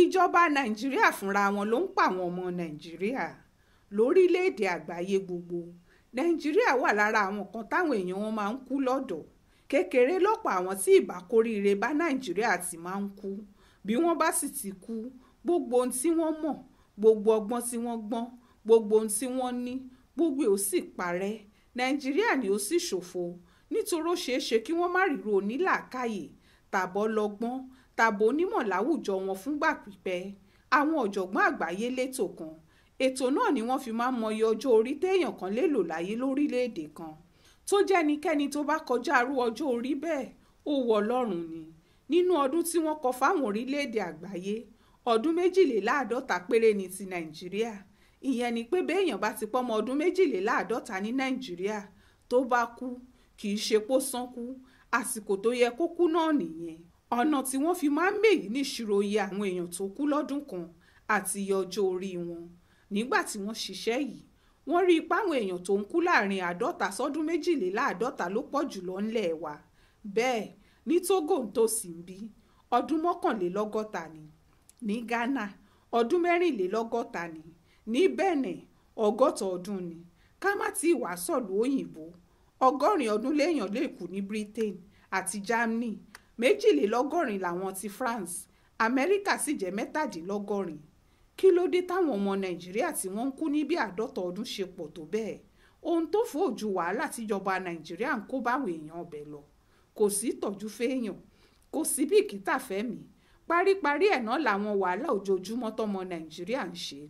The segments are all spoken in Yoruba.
ìjọba nàìjíríà fúnra wọn ló ń pa àwọn ọmọ nàìjíríà lórílẹ̀‐èdè àgbáyé gbogbo nàìjíríà wà lára àwọn kan táwọn èèyàn wọn máa ń kú lọ́dọ̀ kékeré lọ́pọ̀ àwọn tí ìbá kóríire bá nàìjíríà ti máa ń kú bí wọ́n bá sì ti kú gbogbo ohun tí wọ́n mọ̀ gbogbo ọgbọ́n tí wọ́n gbọ́n gbogbo ohun tí wọ́n ní gbogbo ò sì parẹ́ nàìjíríà ni ó sì ṣòfò nítorí ó ṣeé ṣe kí wọ́n má ríro onílàákàyè tàbọ́ lọ́gbọ́n tàbí onímọ̀ láwùjọ wọn fúngbà pípẹ́ àwọn ọ̀jọ̀gbọ́n àgbáyé létò kan ètò náà ni wọ́n fi máa ń mọyì ọjọ́ orí téèyàn kan lè lò láyé lórílẹ̀‐èdè kan tó jẹ́ ẹnikẹ́ni tó bá kọjá arú ọjọ́ orí bẹ́ẹ̀ ó wọ ọlọ́run ni nínú ọdún tí wọ́n kọ fáwọn orílẹ̀‐èdè àgbáyé ọdún méjìléláàádọ́ta péré ní ti nàìjíríà ìyẹn ni pé béèyàn bá ti pọ́mọ ọdún méjìléláàádọ́ta ní nàìjíríà tó bá kú kì í ṣe pó sánkú àsìkò tó yẹ kó kú náà nìyẹn ọ̀nà tí wọ́n fi máa ń mèyí níṣirò iye àwọn èèyàn tó kú lọ́dún kan àti iye ọjọ́ orí wọn nígbà tí wọ́n ṣiṣẹ́ yìí wọ́n rí ipá àwọn èèyàn tó ń kú láàrin àádọ́ta sọ́dún méjìléláàádọ́ta ló pọ̀ jùlọ ńlẹ̀ wa bẹ́ẹ̀ ní Togo nítòsí ń bí ọdún mọ́kànlélọ́gọ́ta ni ní Ghana ọdún mẹ́rìnlélọ́gọ́ta ni ní Benin ọgọ́ta ọdún ni ká má ti wá sọ̀lú òyìnbó ọgọ́rin ọdún léèyàn lè kú ní Britain àti Germany méjìlélọ́gọ́rin làwọn ti France Amẹ́ríkà sì jẹ́ mẹ́tàdínlọ́gọ́rin kí ló dé táwọn ọmọ Nàìjíríà tí wọ́n ń kú ní bí àádọ́ta ọdún ṣe pọ̀ tó bẹ́ẹ̀ ohun tó fò ju wàhálà tíjọba Nàìjíríà ń kó báwọn èèyàn ọbẹ̀ lọ kò sí ìtọ́jú fẹ́ẹ̀yàn kò sí bìkítà fẹ́mi paríparí ẹ̀ náà làwọn wàhálà ojoojúmọ́ tọmọ Nàìjíríà ń ṣe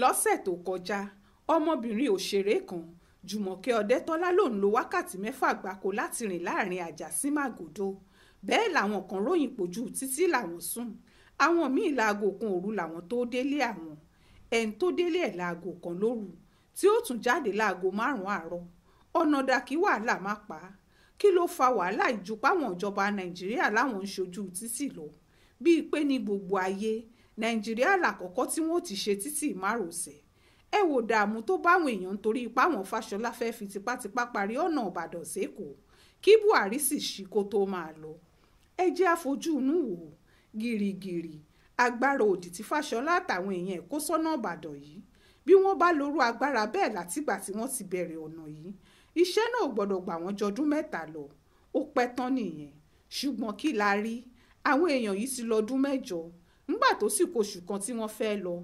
lọ́sẹ̀ tó kọjá ọmọbìnrin òṣèré kan Jùmọ̀kẹ́ Ọdẹ́tọ́lá lòun lo wákàtí mẹ́fà gbáko láti rìn láàrin àjà sí Màgòdó bẹ́ẹ̀ làwọn kan ròyìn pójú títí làwọn sùn àwọn míì láago kan òru làwọn tó délé àwọn ẹni tó délé ẹ̀ láago kan lóru tí ó tún jáde láago márùn-ún àárọ̀ ọ̀nà dà kí wàhálà má pa á kí ló fa wàhálà ìjùpáwọn ìjọba nàìjíríà láwọn ń ṣojú títì lọ bíi pé ní gbogbo ayé nàìjíríà làkọ́kọ́ tí wọ́n ti ṣe títì márosẹ̀ ẹ wò dààmú tó báwọn èèyàn nítorí ipá wọn fàṣọlá fẹ́ fi tipátipá parí ọ̀nà ìbàdàn sẹ́kọ̀ọ́ kí buhari sì ṣí kó tó máa lọ ẹ jẹ́ àfojú inú wò ó gìrìgìrì agbára òdì tí fàṣọlá àtàwọn èèyàn ẹ̀ kó sọ́nà ìbàdàn yìí bí wọ́n bá lórú agbára bẹ́ẹ̀ látìgbà tí wọ́n ti bẹ̀rẹ̀ ọ̀nà yìí iṣẹ́ náà gbọ́dọ̀ gbà wọ́n jọdún mẹ́ta lọ ó pẹ́ tán nìyẹn ṣùgbọ́n kí la rí àwọn èèyàn yìí ti lọ́dún mẹ́jọ ńgbà tó sì kóṣù kan tí wọ́n fẹ́ lọ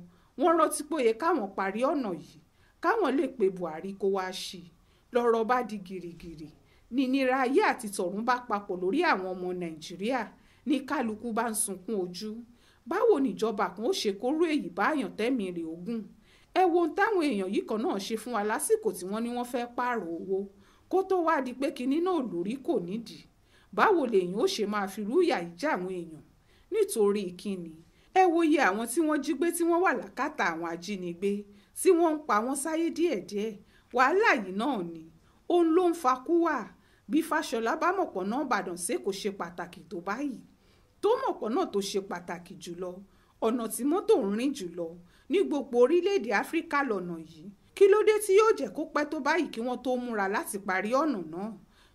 wọ́n rántí pé ó yẹ káwọn parí ọ̀nà yìí káwọn lè pe buhari kó wáá ṣí lọ́rọ̀ bá di gìrìgìrì nínira ayé àti tọ̀run bá papọ̀ lórí àwọn ọmọ nàìjíríà ní kálukú bá ń sunkún ojú báwo níjọba kan ó ṣe kóró èyí báàyàn tẹ́mi rè ogún ẹ wo ohun táwọn èèyàn yìí kan náà ṣe fún wa lásìkò tí wọ́n ní wọ́n fẹ́ pààrọ̀ owó kó tó wá di pé kinní náà lórí kò nídìí báwo lèèyàn ó ṣe máa fi rúyà yìí já àwọn èèyàn nítorí kíni ẹ wo iye àwọn tí wọ́n jí gbé tí wọ́n wà lákàtà àwọn ajínigbé tí wọ́n ń pa wọ́n sáyé díẹ̀díẹ̀ wàhálà yìí náà ni òun ló ń fa wà bí fàṣọlá bá mọ̀ pọ̀ náà ìbàdàn ṣe kò ṣe pàtàkì tó báyìí tó mọ̀ pọ̀ náà tó ṣe pàtàkì jùlọ ọ̀nà tí mọ́tò ń rìn jùlọ ní gbogbo orílẹ̀-èdè áfíríkà lọ́nà yìí kí ló dé tí yóò jẹ́ kó pẹ́ tó báyìí kí wọ́n tó múra láti parí ọ̀nà náà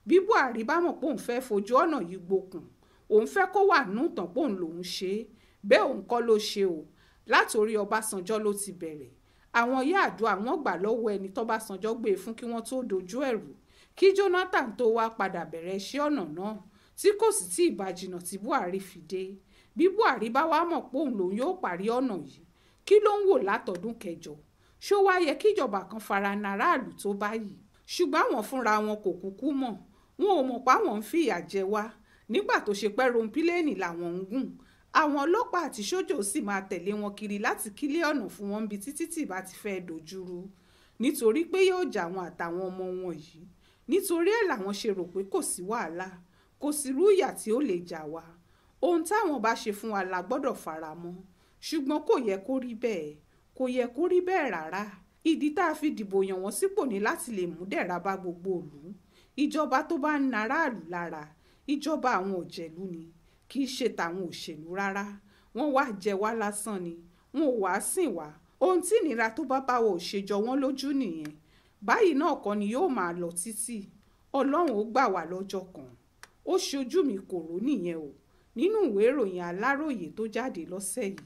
bí buhari bá mọ̀ pé òun fẹ́ fojú ọ̀nà yìí gbókun òun fẹ́ kó wà núùtàn pé òun lòún ṣe bẹ́ẹ̀ òun kọ́ ló ṣe o látòrí ọbásanjọ́ ló ti bẹ̀rẹ̀ àwọn yáàdùn àwọn gbà lọ́wọ́ ẹni tọ́básanjọ́ gbé e fún kí wọ́n tó dojú ẹ̀rù kí Jonathan tó wáá padà bẹ̀rẹ̀ iṣẹ́ ọ̀nà náà tí kò sì tí ì bá jìnnà tí Buhari fi dé bí Buhari bá wàá mọ̀ pé òun lòun yóò parí ọ̀nà yìí kí ló ń wò látọ̀dún kẹjọ ṣó wáá yẹ kíjọba kan fara nàráàlú tó báyìí ṣùgbọ́n àwọn fúnra wọn kò kúkú mọ̀ wọn ò mọ̀ pé àwọn ń fìyà jẹ wá nígbà tó ṣe pẹ́ rompiléènì làwọn ń gùn àwọn ọlọ́pàá àti sójò sì máa tẹ̀lé wọn kiri láti kílé ọ̀nà fún wọn bí títí tì bá ti fẹ́ dojúrú nítorí pé yóò jà wọn àtàwọn ọmọ wọn yìí nítorí ẹ̀ làwọn ṣe rò pé kò sí wàhálà kò sí irú tí ó lè jà wá ohun táwọn bá ṣe fún wa la gbọ́dọ̀ fara mọ́ ṣùgbọ́n kò yẹ kó rí bẹ́ẹ̀ kò yẹ kó rí bẹ́ẹ̀ rárá ìdí tá a fi dìbò yàn wọ́n sípò ní láti lè mú dẹ̀ra bá gbogbo ìlú ìjọba tó bá ń naráàlú lára ìjọba àwọn òjẹ̀lú ni kì í ṣe tàwọn òṣèlú rárá wọ́n wá jẹ wá lásán ni wọn ò wá sìn wá ohun tí ìnira tó bá bá wa ò lójú nìyẹn báyìí náà kọ́ ni yóò máa lọ títí ọlọ́run ó gbà wá lọ́jọ́ kan ó ṣojú mi kò rò nìyẹn o nínú ìwé ìròyìn aláròye tó jáde lọ́sẹ̀ yìí